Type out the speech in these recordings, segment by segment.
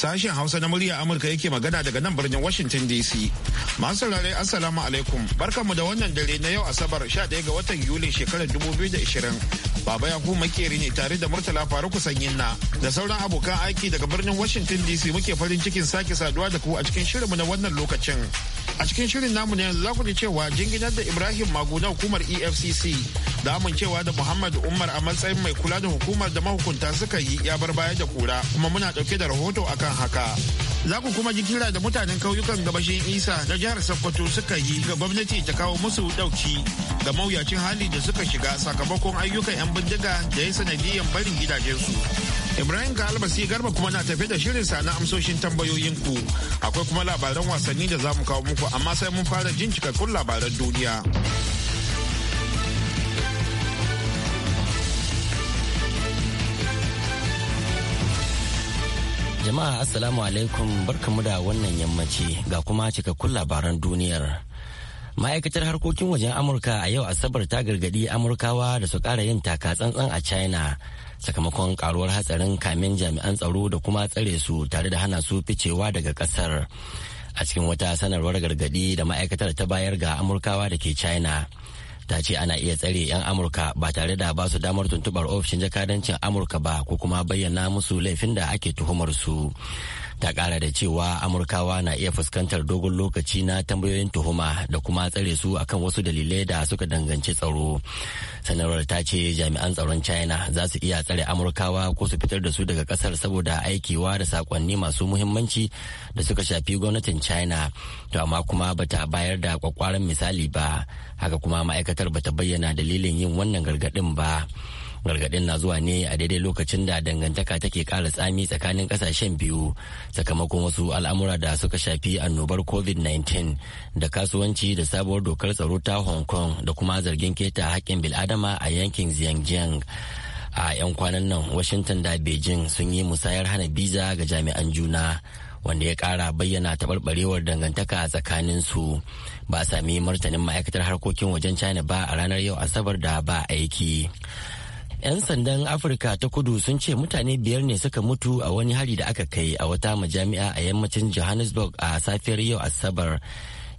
Sashen Hausa na murya Amurka yake magana daga nan birnin Washington DC. Masu saurare Assalamu alaikum. Barkanmu da wannan dare na yau Asabar 11 ga watan Yuli shekarar 2020. Baba Yakubu makeri ne tare da Murtala Faruku Sanyin na da sauran abokan aiki daga birnin Washington DC muke farin cikin sake saduwa da ku a cikin shirinmu na wannan lokacin. a cikin shirin namu ne za ku ji cewa jinginar da ibrahim magu na hukumar efcc da amincewa da muhammad umar a matsayin mai kula da hukumar da mahukunta suka yi ya bar baya da kura kuma muna dauke da rahoto akan haka za ku kuma ji kira da mutanen kauyukan gabashin isa na jihar sokoto suka yi ga gwamnati ta kawo musu dauki ga mawuyacin hali da suka shiga sakamakon ayyukan 'yan bindiga da ya sanadiyyar barin gidajensu Ibrahim Galiba sai garba kuma na tafi da shirin sa na amsoshin tambayoyin ku. Akwai kuma labaran wasanni da zamu kawo muku amma sai mun fara jin cikakkun labaran duniya. Jama'a Assalamu alaikum barkamu da wannan yammaci ga kuma cikakkun labaran duniyar. Ma'aikatar harkokin wajen Amurka a yau Asabar ta gargadi Amurkawa da su ƙara yin taka tsantsan a China sakamakon karuwar hatsarin kamin jami'an tsaro da kuma tsare su tare da hana su ficewa daga kasar a cikin wata sanarwar gargadi da ma'aikatar ta bayar ga amurkawa da ke china ta ce ana iya tsare 'yan amurka ba tare da ba su damar tuntubar ofishin jakadancin amurka ba ko kuma bayyana musu laifin da ake tuhumar su ta kara da cewa amurkawa na iya fuskantar dogon lokaci na tambayoyin tuhuma da kuma tsare su akan wasu dalilai da suka danganci tsaro sanarwar ta ce jami'an tsaron china za su iya tsare amurkawa ko su fitar da su daga kasar saboda aikewa da sakonni masu muhimmanci da suka shafi gwamnatin china to amma kuma bata bayar da kwakwaran misali ba haka kuma ma'aikatar bata bayyana dalilin yin wannan gargadin ba. gargaɗin na zuwa ne a daidai lokacin da dangantaka take ƙara tsami tsakanin ƙasashen biyu sakamakon wasu al'amura da suka shafi annobar covid-19 da kasuwanci da sabuwar dokar tsaro ta hong kong da kuma zargin keta haƙƙin bil'adama a yankin xinjiang a 'yan kwanan nan washington da beijing sun yi musayar hana biza ga jami'an juna wanda ya ƙara bayyana taɓarɓarewar dangantaka tsakanin su ba a sami martanin ma'aikatar harkokin wajen china ba a ranar yau asabar da ba aiki 'Yan sandan Afirka ta kudu sun ce mutane biyar ne suka mutu a wani hari da aka kai a wata majami'a a yammacin Johannesburg a safiyar yau Asabar.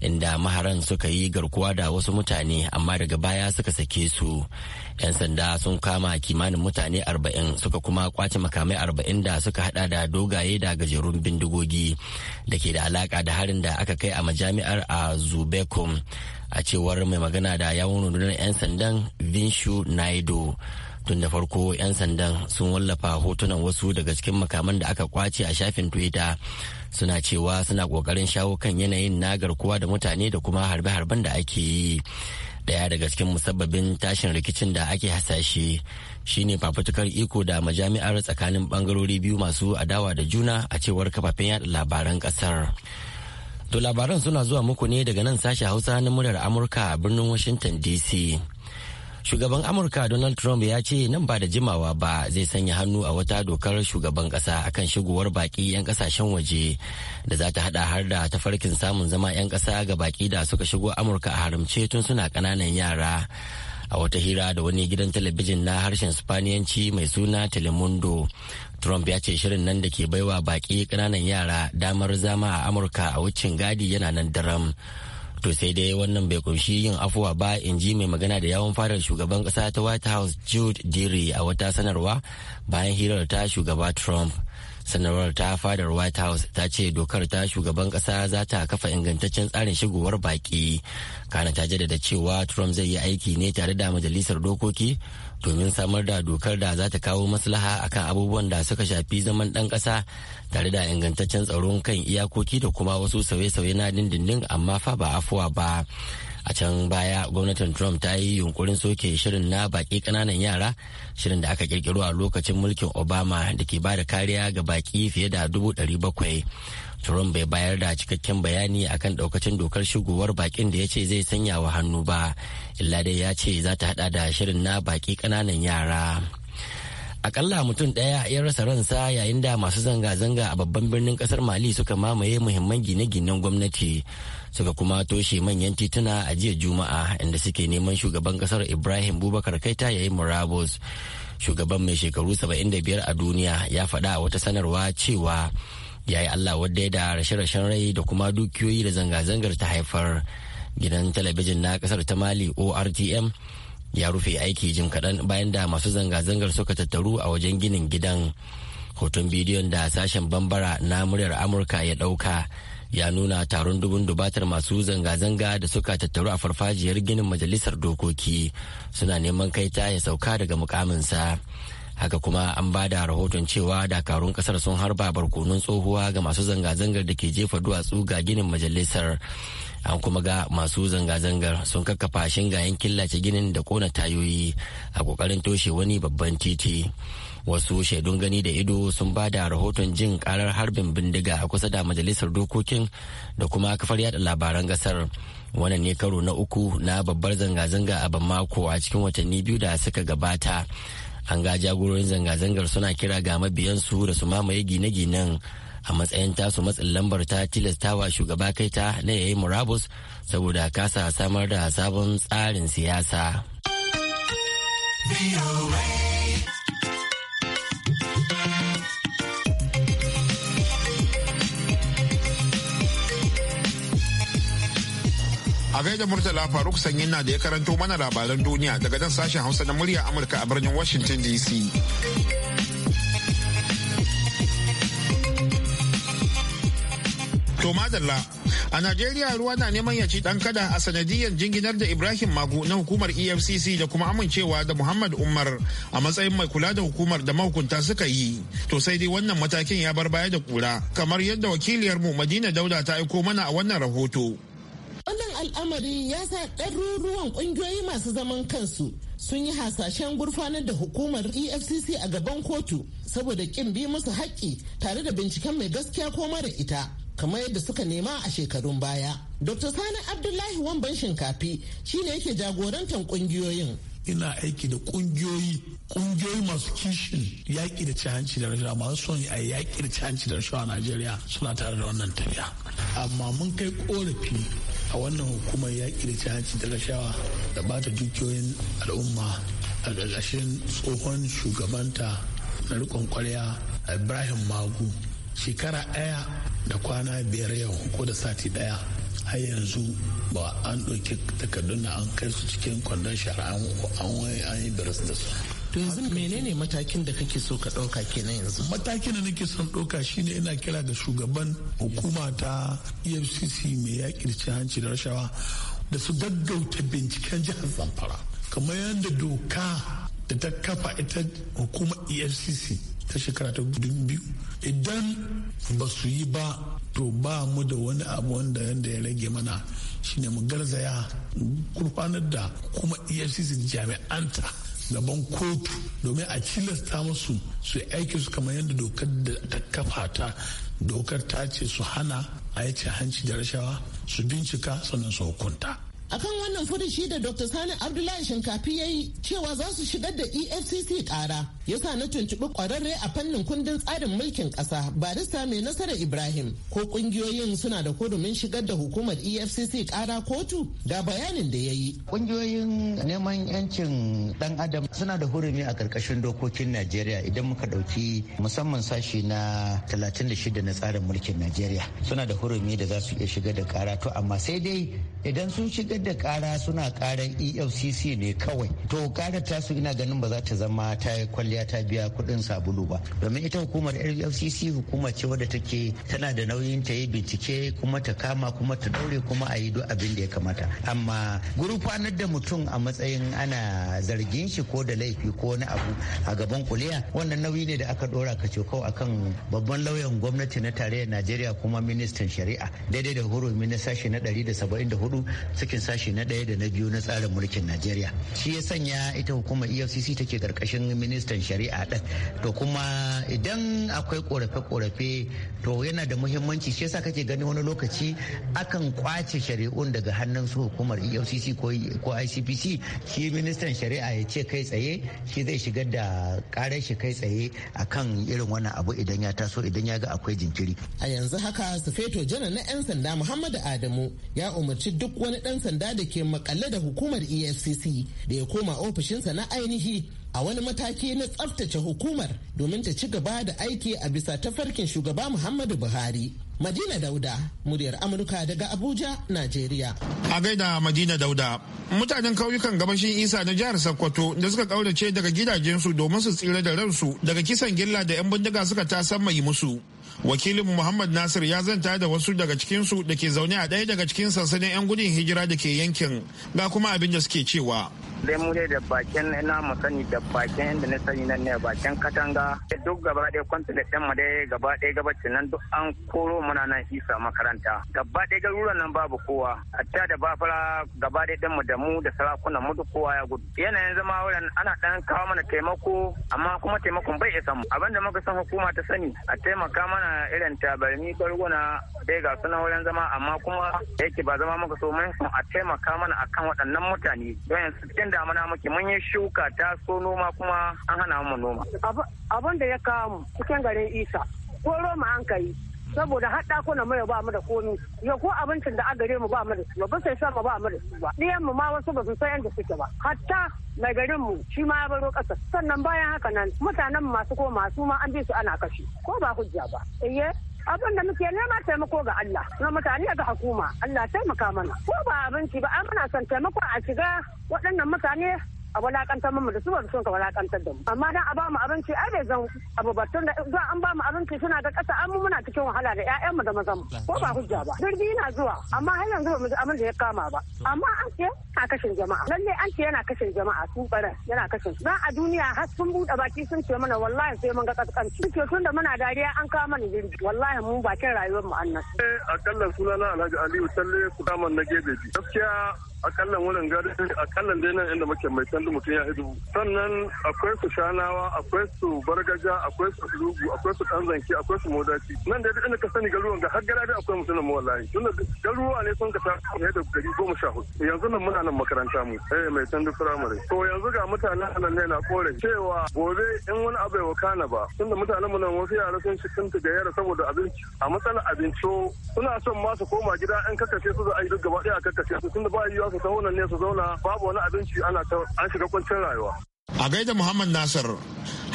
inda maharan suka yi garkuwa da wasu mutane amma daga baya suka sake su yan sanda sun kama kimanin mutane arba'in suka kuma kwace makamai arba'in da suka hada da dogaye da gajerun bindigogi da ke da alaka da harin da aka kai a majami'ar a zubekum a cewar mai magana da yawon rundunar 'yan sandan vinshu naido tun da farko 'yan sandan sun wallafa hotunan wasu daga cikin makaman da aka kwace a shafin twitter suna cewa suna kokarin shawo kan yanayin na garkuwa da mutane da kuma harbe-harben da ake yi daya daga cikin musabbabin tashin rikicin da ake hasashe shine fafutukar iko da majami'ar tsakanin bangarori biyu masu adawa da juna a cewar kafafen yada labaran kasar to labaran suna zuwa muku ne daga nan sashe hausa na muryar amurka a birnin washington dc shugaban amurka donald trump ya ce nan ba da jimawa ba zai sanya hannu a wata dokar shugaban kasa akan shigowar baki 'yan kasashen waje da za ta hada har da tafarkin samun zama 'yan kasa ga baki da suka shigo amurka a haramce tun suna kananan yara a wata hira da wani gidan talabijin na harshen spaniyanci mai suna telemundo trump ya ce shirin nan da ke baiwa baki kananan yara damar zama a amurka a wucin gadi yana nan daram to sai dai wannan bai kunshi yin afuwa ba in ji mai magana da yawon fadar shugaban kasa ta white house jude diri a wata sanarwa bayan hirar ta shugaba trump sanarwar ta fadar white house ta ce dokar ta shugaban kasa za ta kafa ingantaccen tsarin shigowar baki kana ta jaddada cewa trump zai yi aiki ne tare da majalisar dokoki domin samar da dokar da za ta kawo maslaha akan abubuwan da suka shafi zaman ɗan ƙasa tare da ingantaccen tsaron kan iyakoki da kuma wasu sauye-sauye na dindindin amma fa ba afuwa ba a can baya gwamnatin trump ta yi yunkurin soke shirin na baki kananan yara shirin da aka kirkiro a lokacin mulkin obama da ke ba da kariya ga baki fiye da dubu bakwai. Trump bai bayar da cikakken bayani akan daukacin dokar shigowar bakin da ya ce zai sanya wa hannu ba, illa dai ya ce za ta hada da shirin na baki kananan yara. Akalla mutum ɗaya ya rasa ransa yayin da masu zanga-zanga a babban birnin kasar Mali suka mamaye muhimman gine-ginen gwamnati suka kuma toshe manyan tituna a jiya Juma'a inda suke neman shugaban kasar Ibrahim Bubakar Kaita ya yi murabus. Shugaban mai shekaru 75 a duniya ya faɗa a wata sanarwa cewa ya yi allah wadda ya da rashe-rashen rai da kuma dukiyoyi da zanga-zangar ta haifar gidan talabijin na kasar ta mali ortm ya rufe aiki jin kaɗan bayan da masu zanga-zangar suka tattaru a wajen ginin gidan hoton bidiyon da sashen bambara na muryar amurka ya ɗauka ya nuna taron dubun dubatar masu zanga-zanga da suka tattaru a farfajiyar ginin majalisar dokoki suna neman kaita ya sauka daga mukaminsa. haka kuma an ba da rahoton cewa dakarun kasar sun harba barkonun tsohuwa ga masu zanga-zangar da ke jefa duwatsu ga ginin majalisar an kuma ga masu zanga-zangar sun kakkafa shingayen killace ginin da kona tayoyi a kokarin toshe wani babban titi wasu shaidun gani da ido sun ba da rahoton jin karar harbin bindiga a kusa da majalisar dokokin da kuma kafar yada labaran gasar wannan ne karo na uku na babbar zanga-zanga a bamako a cikin watanni biyu da suka gabata an ga jagororin zanga-zangar suna kira ga mabiyansu da su mamaye gine-ginen a matsayin tasu matsin lambar ta tilastawa shugaba kaita na yayi murabus saboda kasa samar da sabon tsarin siyasa. agaida da Murtala Faruk Sanyin na da ya karanto mana labaran duniya daga nan sashen Hausa na murya Amurka a birnin Washington DC. To madalla a Najeriya ruwa na neman ya ci dan kada a sanadiyar jinginar da Ibrahim Magu na hukumar EFCC da kuma amincewa da Muhammad Umar a matsayin mai kula da hukumar da mahukunta suka yi. To sai dai wannan matakin ya bar baya da kura kamar yadda wakiliyarmu Madina Dauda ta aiko mana a wannan rahoto. al'amarin ya sa ɗaruruwan ƙungiyoyi masu zaman kansu sun yi hasashen gurfanar da hukumar efcc a gaban kotu saboda ƙin bi musu haƙƙi tare da binciken mai gaskiya ko mara ita kamar yadda suka nema a shekarun baya dr sani abdullahi wamban shinkafi shine yake jagorantar ƙungiyoyin ina aiki da kungiyoyi kungiyoyi masu kishin yaƙi da cihanci da rashawa masu son a yaƙi da cihanci da rashawa a najeriya suna tare da wannan tafiya amma mun kai korafi a wannan hukumar yaƙi da cin da rashawa da bata dukiyoyin al'umma a ƙarƙashin tsohon shugabanta na riƙon ƙwarya ibrahim magu shekara ɗaya da kwana biyar yau ko da sati ɗaya har yanzu ba an ɗauki takardun da an kai su cikin kwandon shara an yi biras da su to yanzu menene matakin da kake so ka ɗauka kenan yanzu matakin da nake son ɗauka shine ina kira ga shugaban hukuma ta efcc mai yakin cin hanci da rashawa da su gaggauta binciken jihar zamfara kamar yadda doka da ta kafa ita hukuma efcc ta shekara ta biyu idan ba su yi ba to ba mu da wani abu wanda yadda ya rage mana shine mu garzaya gurfanar da kuma efcc jami'anta gaban kotu domin a tilasta musu su aiki su kamar yadda dokar da ta kafa ta dokar ta ce su hana a yi hanci da rashawa su bincika sannan su hukunta akan wannan shi da dr sani abdullahi shinkafi ya yi cewa za su shigar da efcc kara sa na tuntuɓi kwararre a fannin kundin tsarin mulkin ƙasa barista mai nasara ibrahim ko ƙungiyoyin suna da kudumin shigar da hukumar efcc kara kotu ga bayanin da ya yi ƙungiyoyin neman yancin ɗan adam suna da hurumi a ƙarƙashin dokokin najeriya idan muka ɗauki musamman sashi na 36 na tsarin mulkin najeriya suna da hurumi da za su iya shigar da kara to amma sai dai idan sun shigar da kara suna karan efcc ne kawai to karar su ina ganin ba za ta zama ta kwalliya ta biya kudin sabulu ba domin ita hukumar efcc hukuma ce wadda take tana da nauyin ta yi bincike kuma ta kama kuma ta daure kuma a yi duk abin da ya kamata amma gurfanar da mutum a matsayin ana zargin shi ko da laifi ko wani abu a gaban kuliya wannan nauyi ne da aka dora ka cokau akan babban lauyan gwamnati na tarayyar najeriya kuma ministan shari'a daidai da hurumi na sashi na 174 cikin sashe na ɗaya da na biyu na tsarin mulkin najeriya shi ya sanya ita hukumar efcc take karkashin ministan shari'a ɗin to kuma idan akwai korafe-korafe to yana da muhimmanci shi yasa kake gani wani lokaci akan kwace shari'un daga hannun su hukumar efcc ko icpc shi ministan shari'a ya ce kai tsaye shi zai shigar da karar shi kai tsaye akan irin wannan abu idan ya taso idan ya ga akwai jinkiri a yanzu haka sufeto janar na 'yan sanda muhammadu adamu ya umarci duk wani dan sanda sanda da ke makalle da hukumar efcc da ya koma ofishinsa na ainihi a wani mataki na tsaftace hukumar domin ta ci gaba da aiki a bisa tafarkin shugaba muhammadu buhari madina dauda muryar amurka daga abuja najeriya a gaida madina dauda mutanen kauyukan gabashin isa na jihar sokoto da suka kaurace daga gidajensu domin su tsira da ransu daga kisan gilla da 'yan bindiga suka ta mai musu wakilin muhammad nasir ya zanta da wasu daga cikinsu da ke zaune a ɗaya daga cikin sansanin 'yan gudun hijira da ke yankin ga kuma abin da suke cewa dai mu da bakin na mu sani da bakin inda na sani nan ne bakin katanga duk gaba ɗaya kwanta da ɗan madai gaba ɗaya gabacin nan duk an koro muna nan isa makaranta gaba ɗaya garuruwan nan babu kowa hatta da bafara gaba ɗaya ɗan da mu da sarakunan mu duk kowa ya gudu yanayin zama wurin ana ɗan kawo mana taimako amma kuma taimakon bai isa mu abinda muka san hukuma ta sani a taimaka mana irin tabarmi barguna dai ga suna wurin zama amma kuma yake ba zama muka so mun a taimaka mana akan waɗannan mutane don cikin muke mun yi shuka ta so noma kuma an hana mu noma. Abin da ya kawo mu cikin garin Isa ko Roma an kai saboda ko na mai ba mu da komi ya ko abincin da gare mu ba mu da su ba sai sa ba mu da su ba diyan mu ma wasu ba su san yanda suke ba hatta mai garin mu shi ma ya baro ƙasa sannan bayan haka nan mutanen masu ko masu ma an bi su ana kashi ko ba hujja ba iye abin da muke nema taimako ga Allah na mutane ga hukuma Allah taimaka mana ko ba abinci ba an muna son taimako a shiga waɗannan mutane a walakantar mu da su wasu sun ka walakantar da mu amma dan a ba mu abinci ai bai zan abu ba tun da an ba mu abinci suna ga kasa an mu muna cikin wahala da ƴaƴan mu da mazan mu ko ba hujja ba birni na zuwa amma har yanzu ba mu ji abin da ya kama ba amma an ce yana kashin jama'a lalle an ce yana kashin jama'a su baran yana kashin dan a duniya har sun buɗe baki sun ce mana wallahi sai mun ga kaskanci suke tun da muna dariya an kawo mana jirgi wallahi mun bakin rayuwar mu a kallon eh, sunana Alhaji Aliyu Talle kudaman na gebeji gaskiya akalla wurin gari akalla dai nan inda muke mai candu mutum ya hidu sannan akwai su shanawa akwai su bargaja akwai su lugu akwai su dan zanki akwai su modaci nan dai inda ka sani garuwan ga har gara akwai mutum mu wallahi tun da garuwa ne sun ka ta fiye da gari goma sha hudu yanzu nan muna nan makaranta mu eh mai candu firamare to yanzu ga mutanen nan ne na kore cewa gobe in wani abu ya na ba da mutanen mu nan wasu yara sun ta sun yara saboda abinci a matsalar abinci suna son ma su koma gida in kakashe su za a yi duk gaba ɗaya a kakashe su da ba yi su kawo ne su zauna babu wani abinci ana ta an shiga kwancin rayuwa. A gaida Muhammad Nasir,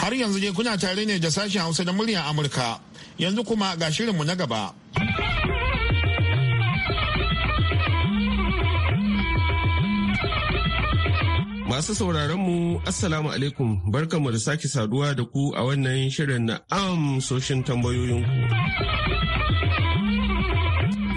har yanzu dai kuna tare ne da sashen Hausa da muryar Amurka, yanzu kuma ga shirinmu na gaba. Masu sauraron mu Assalamu alaikum barkanmu da sake saduwa da ku a wannan shirin na amsoshin tambayoyinku.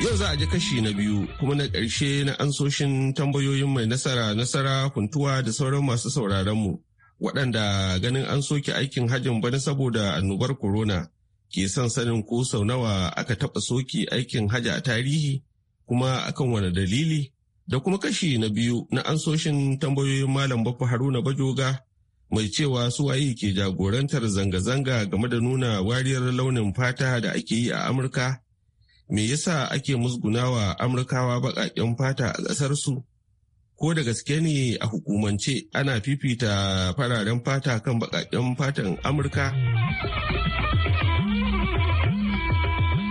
Yau za a ji kashi na biyu kuma na ƙarshe na ansoshin tambayoyin mai nasara nasara kuntuwa da sauran masu sauraronmu waɗanda ganin an soke aikin hajjin bana saboda annobar corona ke son sanin ko sau nawa aka taɓa soke aikin hajji a tarihi kuma akan wani dalili da kuma kashi na biyu na ansoshin tambayoyin malam bafa haruna bajoga mai cewa suwaye ke jagorantar zanga-zanga game da nuna wariyar launin fata da ake yi a amurka Me yasa ake musgunawa Amurkawa baƙaƙen fata a ƙasarsu? Ko da gaske ne a hukumance ana fifita fararen fata kan baƙaƙen fatan Amurka?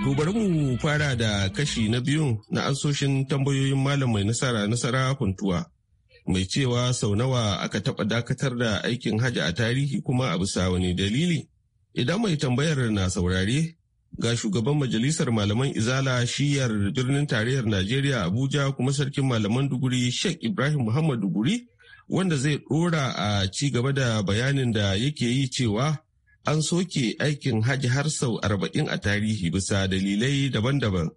To bari mu fara da kashi na biyu na ansoshin tambayoyin malam mai nasara nasara kuntuwa. Mai cewa sau nawa aka taɓa dakatar da aikin hajji a tarihi kuma a bisa wani dalili? Idan mai tambayar na saurare ga shugaban majalisar malaman izala shiyar birnin tarayyar najeriya abuja kuma sarkin malaman duguri sheikh ibrahim muhammad duguri wanda zai dora a ci gaba da bayanin da yake yi cewa an soke aikin hajji har sau arba'in a tarihi bisa dalilai daban-daban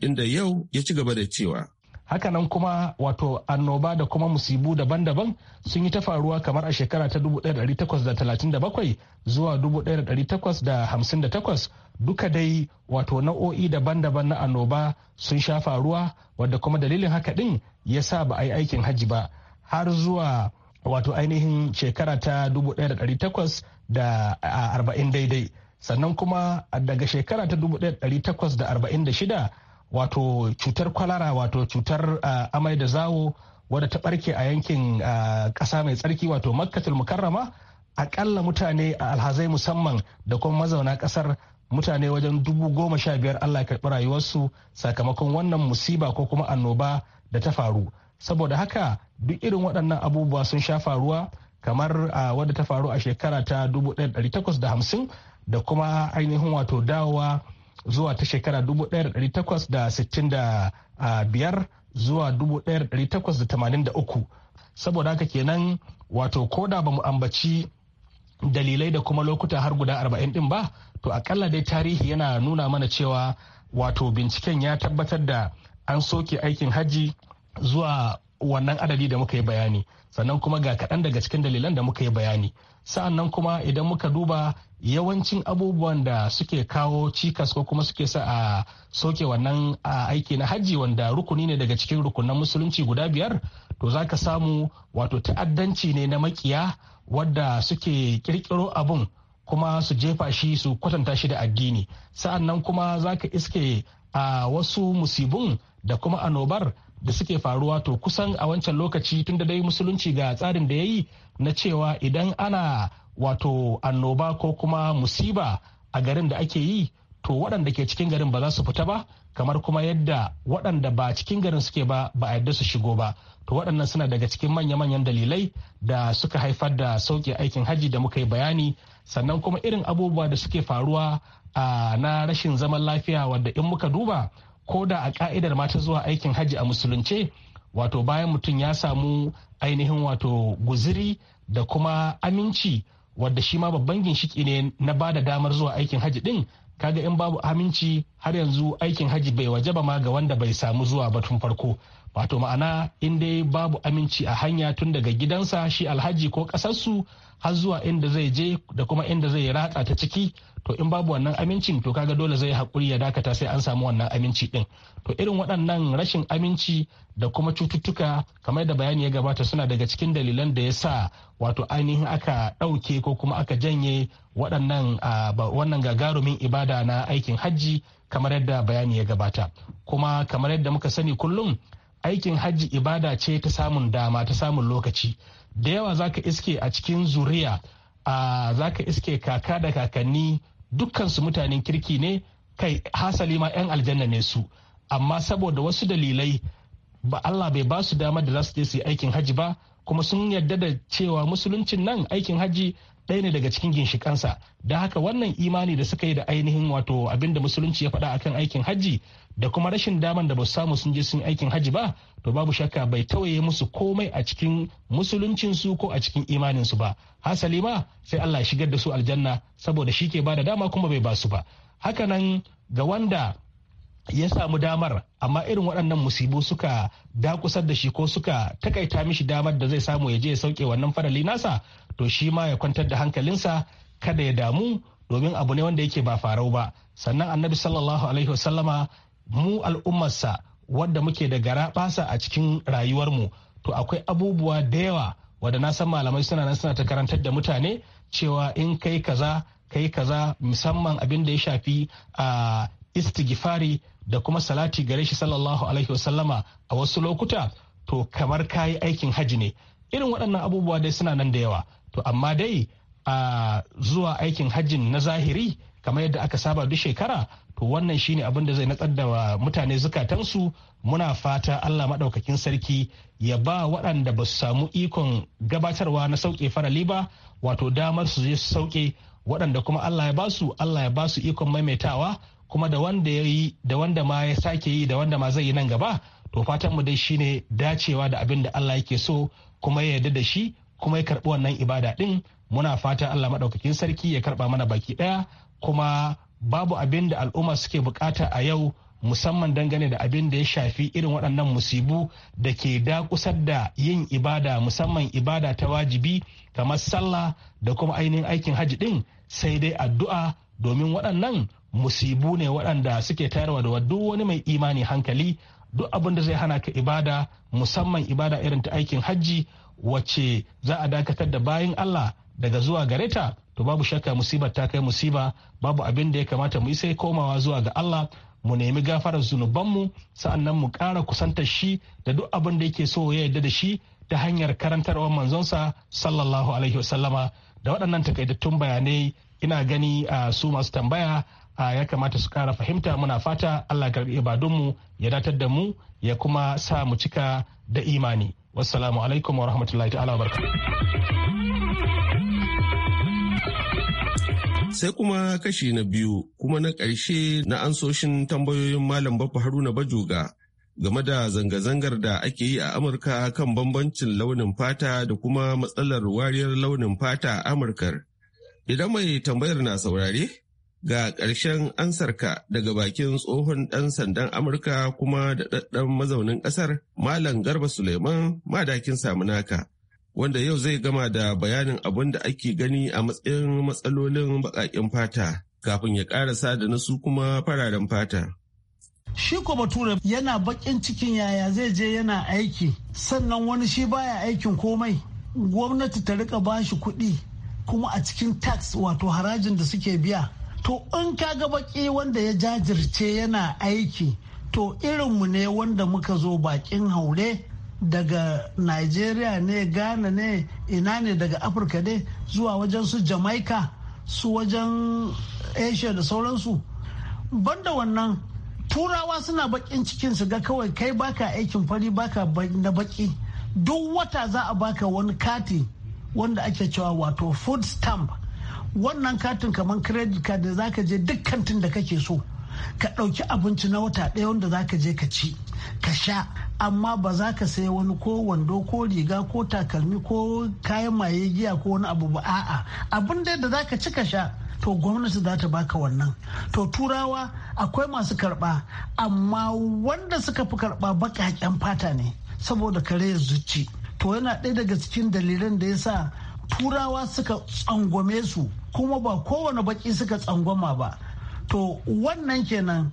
inda yau ya ci gaba da cewa hakanan kuma wato annoba da kuma musibu daban-daban sun yi ta faruwa kamar a shekara ta 1837 zuwa 1858 duka dai wato na'oi daban-daban na annoba sun sha faruwa wadda kuma dalilin haka din ya sa ba a yi aikin hajji ba har zuwa wato ainihin shekara ta 1840 daidai sannan kuma daga shekara ta 1846 wato cutar kwalara wato cutar amai da zawo wadda ta barke a yankin kasa mai tsarki wato makkatul mukarrama akalla mutane a alhazai musamman da kuma mazauna kasar mutane wajen dubu goma sha biyar allah karɓi rayuwarsu sakamakon wannan musiba ko kuma annoba da ta faru saboda haka duk irin waɗannan abubuwa sun sha faruwa kamar wadda ta faru a shekara ta 1850 da kuma ainihin wato dawowa zuwa ta shekara 1865 zuwa 1883 saboda haka kenan wato koda ba mu ambaci dalilai da kuma lokuta har guda 40 din ba to akalla dai tarihi yana nuna mana cewa wato binciken ya tabbatar da an soke aikin hajji zuwa wannan adadi da muka yi bayani sannan kuma ga kaɗan daga cikin dalilan da muka yi bayani sa'annan kuma idan muka duba yawancin abubuwan da suke kawo cikas ko kuma suke sa a soke wannan aiki na hajji wanda rukuni ne daga cikin rukunan musulunci guda biyar to za ka samu wato ta'addanci ne na makiya wadda suke kirkiro abun kuma su jefa shi su kwatanta shi da addini sa'annan kuma za ka iske a wasu musibun da kuma anobar da suke faruwa to kusan a wancan lokaci tun da dai musulunci ga tsarin da ya yi na cewa idan ana wato annoba ko kuma musiba a garin da ake yi to waɗanda ke cikin garin ba za su fita ba kamar kuma yadda waɗanda ba cikin garin suke ba ba a yadda su shigo ba to waɗannan suna daga cikin manya-manyan dalilai da suka haifar da sauke aikin hajji da muka yi bayani sannan kuma irin abubuwa da suke faruwa a na rashin zaman lafiya wadda in muka duba ko da a ka'idar mata zuwa aikin hajji a musulunce wato bayan mutum ya samu ainihin wato guziri da kuma aminci wadda shi ma babban ginshiki ne na ba da damar zuwa aikin haji din kaga in babu aminci har yanzu aikin haji bai waje ba ma ga wanda bai samu zuwa ba tun farko wato ma'ana in dai babu aminci a hanya tun daga gidansa shi alhaji ko kasarsu har zuwa inda zai je da kuma inda zai ratsa ta ciki to in babu wannan amincin to kaga dole zai haƙuri ya dakata sai an samu wannan aminci din to irin waɗannan rashin aminci da kuma cututtuka kamar da bayani ya gabata suna daga cikin dalilan da ya sa wato ainihin aka ɗauke ko kuma aka janye waɗannan wannan gagarumin ibada na aikin hajji kamar yadda bayani ya gabata kuma kamar yadda muka sani kullum aikin hajji ibada ce ta samun dama ta samun lokaci da yawa za ka iske a cikin zuriya a ka iske kaka da kakanni dukkansu mutanen kirki ne kai hasali ma 'yan aljanna ne su amma saboda wasu dalilai ba Allah bai basu dama da za su je su yi aikin hajji ba kuma sun yarda da cewa musuluncin nan aikin hajji ɗaya ne daga cikin ginshikansa da haka wannan imani da suka yi da ainihin wato abin da musulunci ya faɗa akan aikin hajji da kuma rashin daman da ba su samu sun je sun aikin hajji ba to babu shakka bai tawaye musu komai a cikin musuluncinsu ko a cikin imanin su ba hasali ma sai Allah ya shigar da su aljanna saboda shi ke ba da dama kuma bai ba su ba hakanan ga wanda ya samu damar amma irin waɗannan musibu suka dakusar da shi ko suka takaita mishi damar da zai samu ya je ya sauke wannan farali nasa to shi ma ya kwantar da hankalinsa kada ya damu domin abu ne wanda yake ba farau ba sannan annabi sallallahu alaihi wasallama mu al'ummarsa wadda muke da gara basa a cikin rayuwarmu to akwai abubuwa da yawa wadda na san malamai suna nan suna ta karantar da mutane cewa in kai kaza kai kaza musamman abin da ya shafi a ah, istighfari da kuma salati gare shi sallallahu alaihi wasallama a wasu lokuta to kamar kayi aikin hajji ne irin waɗannan abubuwa dai suna nan da yawa to amma dai a zuwa aikin hajjin na zahiri kamar yadda aka saba duk shekara to wannan shine abin da zai natsar da mutane su. muna fata Allah maɗaukakin sarki ya ba waɗanda ba su samu ikon gabatarwa na sauke farali ba wato damar su je su sauke waɗanda kuma Allah ya basu Allah ya basu ikon maimaitawa kuma da wanda ya yi da wanda ma ya sake yi da wanda ma zai yi nan gaba to fatan mu dai shine dacewa da abin da Allah yake so kuma ya yarda da shi kuma ya karɓi wannan ibada din muna fatan Allah madaukakin sarki ya karba mana baki daya kuma babu abin da al'umma suke bukata a yau musamman dangane da abin da ya shafi irin waɗannan musibu da ke da dakusar da yin ibada musamman ibada ta wajibi kamar sallah da kuma ainihin aikin hajji ɗin sai dai addu'a domin waɗannan musibu ne waɗanda suke tayarwa da duk wani mai imani hankali duk abin da zai hana ka ibada musamman ibada irin ta aikin hajji wacce za a dakatar da bayan Allah daga zuwa gare ta to babu shakka musibar ta kai musiba babu abin da ya kamata mu yi sai komawa zuwa ga Allah mu nemi gafarar zunubanmu sa'annan mu ƙara kusantar shi da duk abin da yake so ya yarda da shi ta hanyar karantarwar manzonsa sallallahu alaihi wasallama da waɗannan takaitattun bayanai ina gani a su masu tambaya ya kamata su kara fahimta muna fata allah karbi ibadunmu ya datar da mu ya kuma sa mu cika da imani wassalamu alaikum wa rahmatullahi ta'ala wa sai kuma kashi na biyu kuma na ƙarshe na ansoshin tambayoyin malam bafa haruna bajoga game da zanga-zangar da ake yi a amurka kan bambancin launin fata da kuma matsalar wariyar launin fata a amurkar idan mai tambayar na saurare Ga ƙarshen ansarka daga bakin tsohon ɗan sandan Amurka kuma da ɗaɗɗan mazaunin ƙasar Malam Garba Suleiman madakin samu samunaka, wanda yau zai gama da bayanin abin da ake gani a matsayin matsalolin baƙaƙen fata kafin ya ƙarasa da nasu kuma fararen fata. shi ko bature yana baƙin cikin yaya zai je yana aiki sannan wani shi baya aikin komai gwamnati ta rika bashi kuɗi kuma a cikin tax wato harajin da suke biya to in ka ga baki wanda ya jajirce yana aiki to irinmu ne wanda muka zo bakin haure daga nigeria ne ghana ne ina ne daga afirka ne zuwa wajen su jamaica su wajen asia da sauransu banda wannan turawa suna bakin cikin su ga kawai kai baka aikin fari baka na baki duk wata za a baka wani kati wanda ake cewa wato food stamp wannan katin kamar credit card da zaka je duk kantin da kake so ka ɗauki abinci na wata ɗaya wanda zaka je ka ci ka sha amma ba za ka sayi wani ko wando ko riga ko takalmi ko kayan maye giya ko wani abu ba a'a abin da za ka ci ka sha to gwamnati za ta baka wannan to turawa akwai masu karɓa amma wanda suka fi karba baƙaƙen fata ne saboda kare zuci to yana ɗaya daga cikin dalilan da ya sa turawa suka tsangwame su kuma ba kowane baki suka tsangwama ba to wannan kenan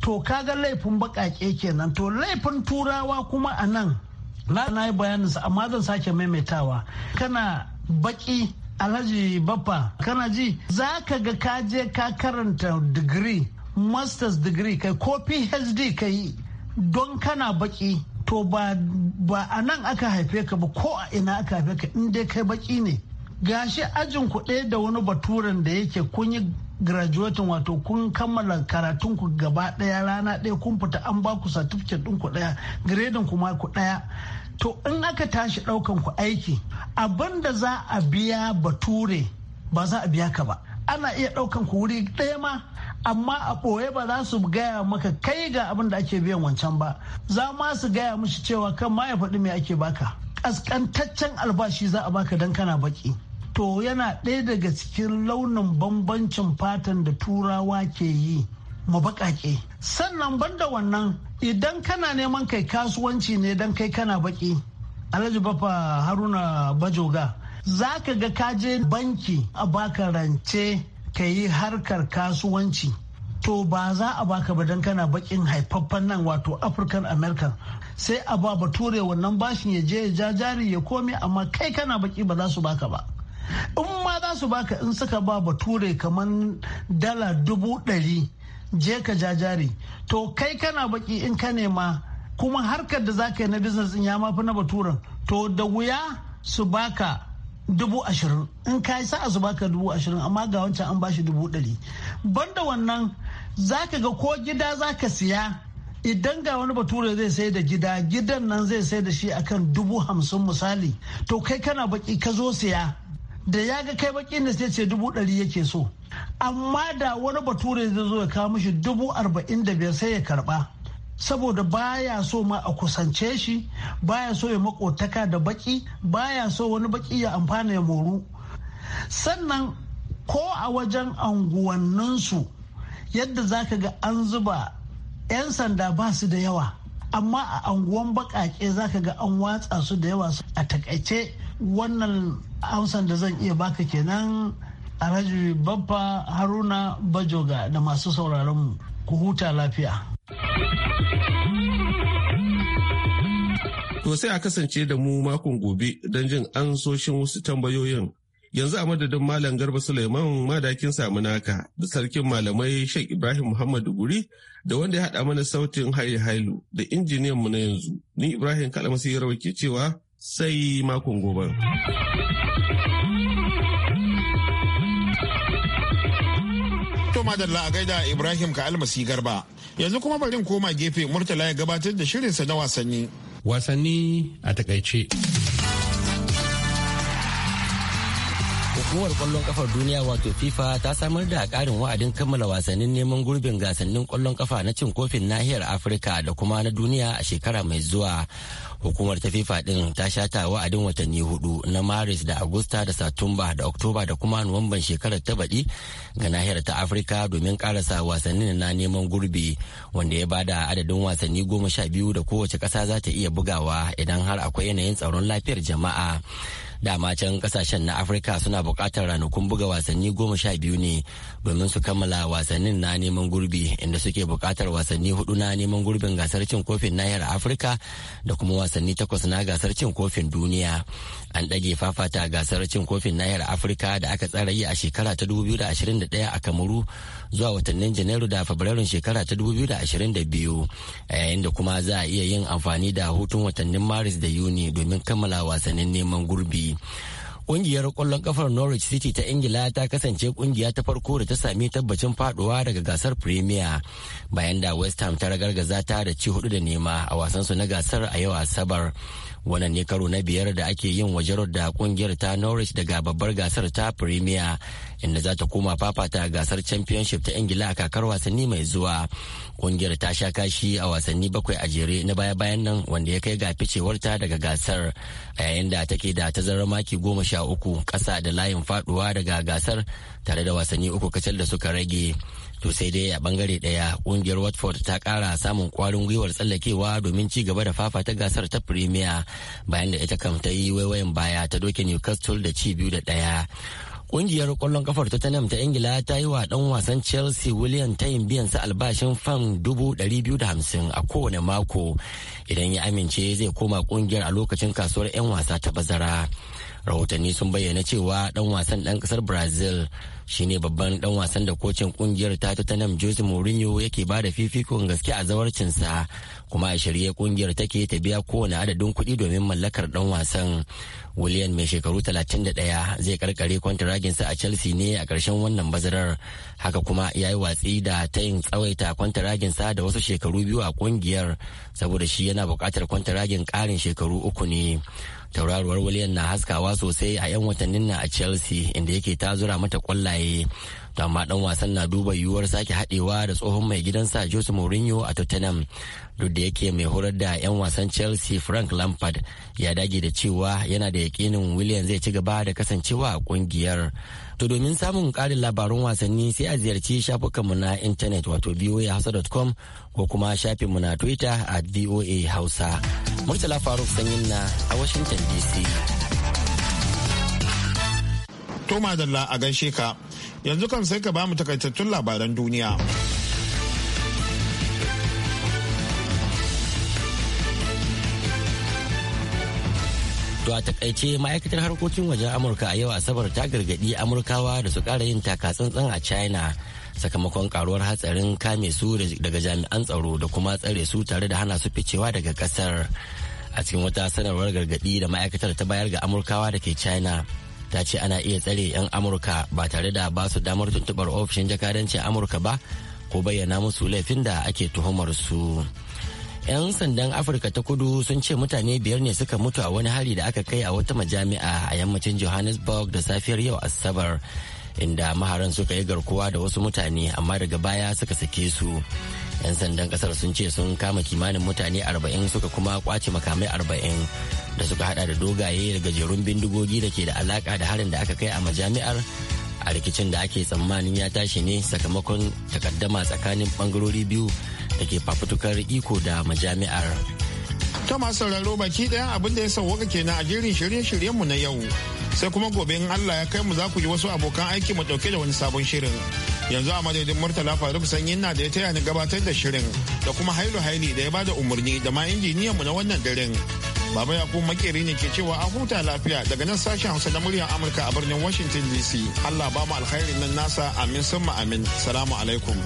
to kaga laifin baƙaƙe kenan to laifin turawa kuma a nan na yi bayaninsa amma zan sake maimaitawa kana baki alhaji baffa kana ji za ka ga ka je ka karanta digiri masters digiri kai ko phd ka don kana baki to ba a nan aka haife ka ba ko a ina aka haife ka in dai kai baki ne gashi ajin ku ɗaya da wani baturen da yake kun yi graduatin wato kun kammala karatun ku gaba ɗaya rana ɗaya kun fita an ba ku certificate ɗin ku ɗaya gredin ku ma ku ɗaya to in aka tashi ɗaukan ku aiki abin da za a biya bature ba za a biya ka ba ana iya ɗaukan ku wuri ɗaya ma amma a ɓoye ba za su gaya maka kai ga abin da ake biyan wancan ba za ma su gaya mashi cewa kan ma ya faɗi me ake baka ƙasƙantaccen albashi za a baka don kana baƙi. to yana ɗaya daga cikin launin bambancin fatan da turawa ke yi mu baƙaƙe sannan da wannan idan kana neman kai kasuwanci ne don kai kana baƙi. alhaji bafa haruna bajoga za ka ga kaje banki a baka rance ka yi harkar kasuwanci to ba za a baka ba don kana bakin haifaffen nan wato african american sai a ba bature wannan bashin ya je ya jari ya komi amma kai kana baki ba za su baka ba in ma za su baka in suka ba bature kamar dala dubu ɗari je ka ja to kai kana baki in ka nema kuma harkar da za ka yi na business ya mafi na baturen to da wuya su baka dubu ashirin in ka yi sa'a su baka dubu ashirin amma ga wancan an bashi dubu ɗari banda wannan za ka ga ko gida za ka siya idan ga wani bature zai sai da gida gidan nan zai sai da shi akan dubu hamsin misali to kai kana baki ka zo siya da ya ga kai baki ne sai ce dubu ɗari yake so amma da wani bature zai zo ya kawo mishi dubu arba'in da biyar sai ya karba saboda baya so ma a kusance shi baya so ya makotaka da baki baya so wani baki ya amfana ya moru sannan ko a wajen anguwanninsu yadda za ka ga an zuba 'yan sanda ba su da yawa amma a anguwan bakake za ka ga an watsa su da yawa a takaice wannan amsan da zan iya baka kenan a babba haruna bajoga da masu sauraron ku huta lafiya To sai a kasance da mu makon gobe don jin ansoshin wasu tambayoyin. Yanzu a madadin Malam Garba Suleiman madakin samunaka da sarkin malamai Sheikh Ibrahim Muhammad Guri da wanda ya haɗa mana sautin Haile Hailu da injiniyan mu na yanzu. Ni Ibrahim Kalamasi Yarwa ke cewa sai makon gobe. To madalla a gaida Ibrahim ka almasi garba. Yanzu kuma bari koma gefe Murtala ya gabatar da shirinsa na wasanni. Wasanni a takaice. hukumar kwallon kafar duniya wato fifa ta samar da karin wa'adin kammala wasannin neman gurbin gasannin kwallon kafa na cin kofin nahiyar afirka da kuma na duniya a shekara mai zuwa hukumar ta fifa din ta shata wa'adin watanni hudu na maris da agusta da satumba da oktoba da kuma nuwamban shekarar ta baɗi ga nahiyar ta afirka domin karasa wasannin na neman gurbi wanda ya bada adadin wasanni goma sha biyu da kowace ƙasa za ta iya bugawa idan har akwai yanayin tsaron lafiyar jama'a dama can kasashen na afirka suna bukatar ranakun buga wasanni goma sha biyu ne domin su kammala wasannin na neman gurbi inda suke bukatar wasanni hudu na neman gurbin gasar cin kofin nahiyar afirka da kuma wasanni takwas na gasar cin kofin duniya an ɗage fafata gasar cin kofin nahiyar afirka da aka tsara yi a shekara ta 2021 a kamaru zuwa watannin janairu da fabrairun shekara ta 2022 a yayin da kuma za a iya yin amfani da hutun watannin maris da yuni domin kammala wasannin neman gurbi Ƙungiyar ƙwallon ƙafar Norwich City ta Ingila ta kasance ƙungiya ta farko da ta sami tabbacin faduwa daga gasar Premier bayan da West Ham ta ragargaza ta da ci hudu da nema a wasansu na gasar a yau Asabar. wannan ne karo na biyar da ake yin wajerar da kungiyar ta norwich daga babbar gasar ta premier inda za ta koma fafata gasar championship ta ingila a kakar wasanni mai zuwa kungiyar ta sha kashi a wasanni bakwai a jere na baya-bayan nan wanda ya kai ga ficewarta daga gasar a yayin da take da tazarar maki goma sha uku ƙasa da layin faduwa daga gasar tare da wasanni uku kacal da suka rage to sai dai a bangare daya kungiyar watford ta kara samun kwarin gwiwar tsallakewa domin ci gaba da fafata gasar ta premier bayan da ita kam ta yi waiwayin baya ta doke newcastle da ci biyu da daya Kungiyar kwallon kafar Tottenham ta Ingila ta yi wa dan wasan Chelsea William ta yin biyan sa albashin fam 250,000 a kowane mako idan ya amince zai koma kungiyar a lokacin kasuwar 'yan wasa ta bazara. rahotanni sun bayyana cewa dan wasan dan kasar brazil shine babban dan wasan da kocin kungiyar ta tottenham jose mourinho yake ba da fifikon gaske a zawarcinsa kuma a shirye kungiyar take ta biya kowane adadin kuɗi domin mallakar dan wasan william mai shekaru 31 zai karkare kwantaraginsa a chelsea ne a ƙarshen wannan bazarar haka kuma ya yi watsi da tayin tsawaita kwantaraginsa da wasu shekaru biyu a kungiyar saboda shi yana buƙatar kwantaragin ƙarin shekaru uku ne tauraruwar william na haskawa sosai a 'yan watannin na a chelsea inda yake ta zura mata kwallaye to amma dan wasan na duba yiwuwar sake haɗewa da tsohon mai gidansa jose mourinho a tottenham duk da yake mai horar da 'yan wasan chelsea frank lampard ya dage da cewa yana da yakinin william zai ci gaba da kasancewa a kungiyar to domin samun ƙarin labarun wasanni sai a ziyarci shafukanmu na intanet wato voahausa.com ko kuma shafinmu na twitter a voa hausa Murtala Faruk Sanyin na a Washington DC. Toma Dalla a gaishe ka. Yanzu kan sai ka bamu takaitattun labaran duniya. To a takaice ma'aikatar harkokin wajen Amurka a yau Asabar ta gargadi Amurkawa da su ƙara yin takatsantsan a China. sakamakon karuwar hatsarin kame su daga jami'an tsaro da kuma tsare su tare da hana su ficewa daga kasar a cikin wata sanarwar gargadi da ma'aikatar ta bayar ga amurkawa da ke china ta ce ana iya tsare 'yan amurka ba tare da ba su damar tuntubar ofishin jakadancin amurka ba ko bayyana musu laifin da ake tuhumar su 'yan sandan afirka ta kudu sun ce mutane biyar ne suka mutu a wani hari da aka kai a wata majami'a a yammacin johannesburg da safiyar yau asabar inda maharan suka yi garkuwa da wasu mutane amma daga baya suka sake su 'yan sandan kasar sun ce sun kama kimanin mutane 40 suka kuma kwace makamai 40 da suka hada da dogaye da gajerun bindigogi da ke da alaka da harin da aka kai a majami'ar a rikicin da ake tsammanin ya tashi ne sakamakon takaddama tsakanin bangarori biyu da ke fafutukar iko da majami'ar. ta masu sauraro baki daya ya sauwaka kenan a jerin shirye-shiryenmu na yau sai kuma gobe in Allah ya kai mu za ku yi wasu abokan aiki mu dauke da wani sabon shirin yanzu a madadin murtala faruk sanyin na da ya taya ni gabatar da shirin da kuma hailu haili da ya bada umarni da ma injiniyan mu na wannan daren baba yakubu makeri ne ke cewa a huta lafiya daga nan sashen hausa na muryar amurka a birnin washington dc allah ba mu alkhairin nan nasa amin summa amin salamu alaikum